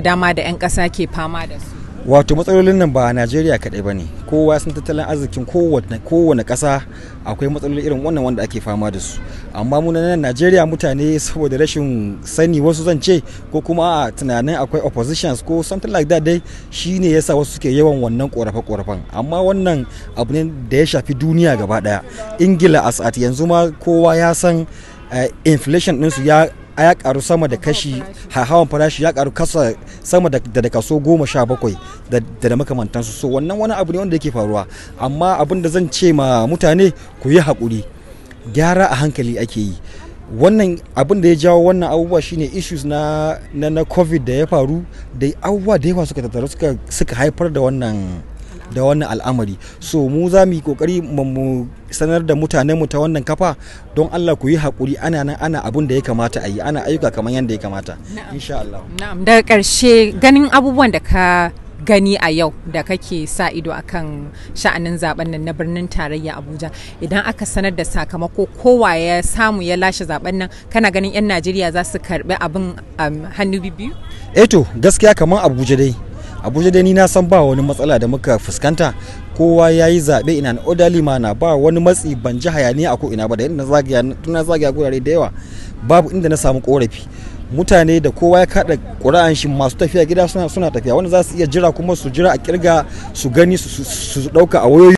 da dama da 'yan ƙasa ke fama da su wato matsalolin nan ba a najeriya kaɗai ba ne kowa sun tattalin arzikin kowane ƙasa akwai matsaloli irin wannan wanda ake fama da su amma muna nan najeriya mutane saboda rashin sani wasu zan ce ko kuma a tunanin akwai oppositions ko something like that dai shine yasa wasu suke yawan wannan korafe korafen amma wannan abu ne da ya shafi duniya gaba ɗaya ingila a yanzu ma kowa ya san eh, inflation ɗinsu ya a ya karu sama da kashi hawan farashi ya karu kasa sama da da kaso goma sha bakwai da makamantansu so wannan wani abu ne wanda yake faruwa amma abin da zan ce ma mutane ku yi haƙuri gyara a hankali ake yi wannan abin da ya jawo wannan abubuwa shine issues na na, covid da ya faru da abubuwa da yawa suka tattaru suka haifar da wannan da wannan al'amari so mu za mu yi kokari mu sanar da mutanenmu ta wannan kafa don Allah ku yi hakuri ana nan ana abun da ya kamata a yi ana ayyuka kamar yadda ya kamata insha Allah na'am daga ƙarshe ganin abubuwan da ka gani a yau da kake sa ido akan sha'anin zaben nan na birnin tarayya abuja idan aka sanar da sakamako kowa ya samu ya lashe zaben nan kana ganin 'yan najeriya za su karbi abin um, hannu biyu? eto eh gaskiya kamar abuja dai abuja dai ni na san ba wani matsala da muka fuskanta kowa ya yi zaɓe ina na odali na ba wani matsi ban ji hayani a ko ina ba da yadda na zagaya gurare da yawa babu inda na samu korafi mutane da kowa ya kaɗa ƙura'an shi masu tafiya gida suna tafiya wanda za su iya jira kuma su jira a kirga su gani su ɗauka a wayoyi